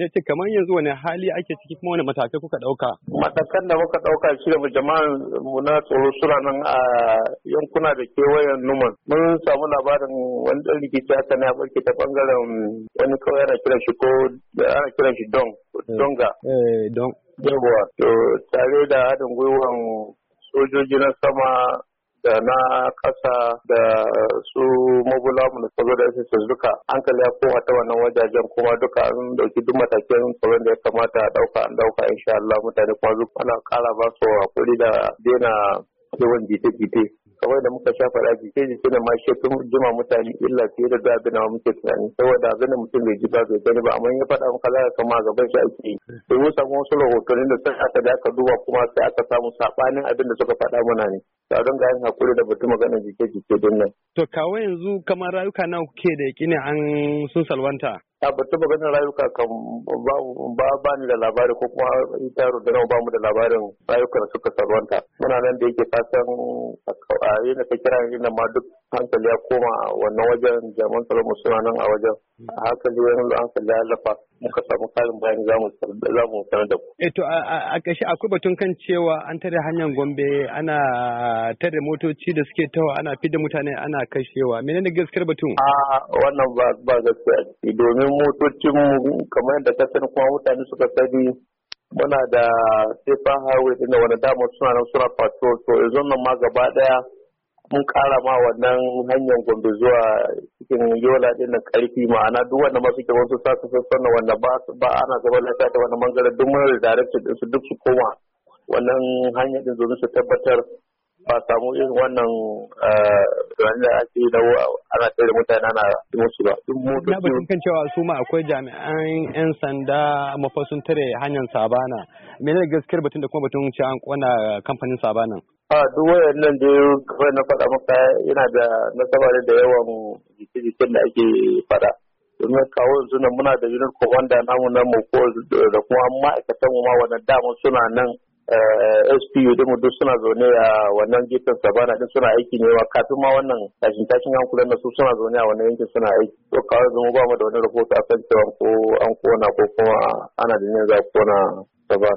ya ce kamar yanzu wani hali ake ciki kuma wani matakai kuka ɗauka. matakan da muka ɗauka shi da jama'an mu na tsoro suna nan a yankuna da kewayen numan mun samu labarin wani ɗan rikici haka ne a ɓarke ta ɓangaren wani kawai ana kiran shi ko ana kiran shi don donga. Eh, eh, don. yawwa to tare da haɗin gwiwan sojoji na sama da na ƙasa da su mu tsaro da sss duka hankali ya koma ta wannan wajajen kuma duka an dauki duk matakin tsaron da ya kamata a ɗauka an ɗauka insha Allah mutane kuma zuwa ana kara ba su hakuri da daina yawan jite-jite kamar da muka sha fara jike jike da ma shi tun jima mutane illa fiye da da abin da muke tunani saboda abin da mutum bai ji ba bai gani ba amma ya faɗa maka za ka kama gaban shi ake yi to mun samu wasu rahotanni da sai aka da aka duba kuma sai aka samu sabanin abin da suka faɗa mana ne to don ga yin hakuri da batun magana jike jike din nan to kawo yanzu kamar rayuka nawa kuke da ne an sun salwanta ba ganin rayuka kan ba ba ni da labari ko kuma ita rundunar ba mu da labarin da suka sarwanta muna nan da yake fatan a yi na kira yana ma duk hankali ya koma wannan wajen jaman tsaron suna nan a wajen hankali wani hankali ya lafa muka samu karin bayani za mu sanar da ku. E to a ƙarshe akwai batun kan cewa an tare hanyar Gombe ana tare motoci da suke tawa ana fidda mutane ana kashewa menene gaskiyar batun? A wannan ba ba gaskiya domin motocin mu kamar yadda ka sani kuma mutane suka sani muna da sefa highway da wani damar suna nan suna patrol to yanzu nan ma gaba daya mun kara ma wannan hanyar Gombe zuwa aikin yola din na karfi ma'ana duk wanda ma suke wasu sasu sassan wanda ba ana zama lafiya ta wani bangare duk mun redirected su duk su koma wannan hanyar din domin su tabbatar ba samu irin wannan eh, da ake na ana tsaye da mutane ana musu ba duk motoci na batun kan cewa su ma akwai jami'an yan sanda mafasun tare hanyar sabana menene gaskiyar batun da kuma batun cewa an kona kamfanin sabanan a duk nan da kamar na faɗa maka yana da nasaba da yawan jikin da ake faɗa domin kawo yanzu muna da unit commander namu na mako da kuma ma'aikatan mu ma wannan damar suna nan Eh, SPU da duk suna zaune a wannan gefen Sabana din suna aiki ne wa kafin ma wannan tashin tashin hankulan na su suna zaune a wannan yankin suna aiki to kawai zama ba mu da wani rahoto a kan cewa ko an kona ko kuma ana da niyyar za a kona Sabana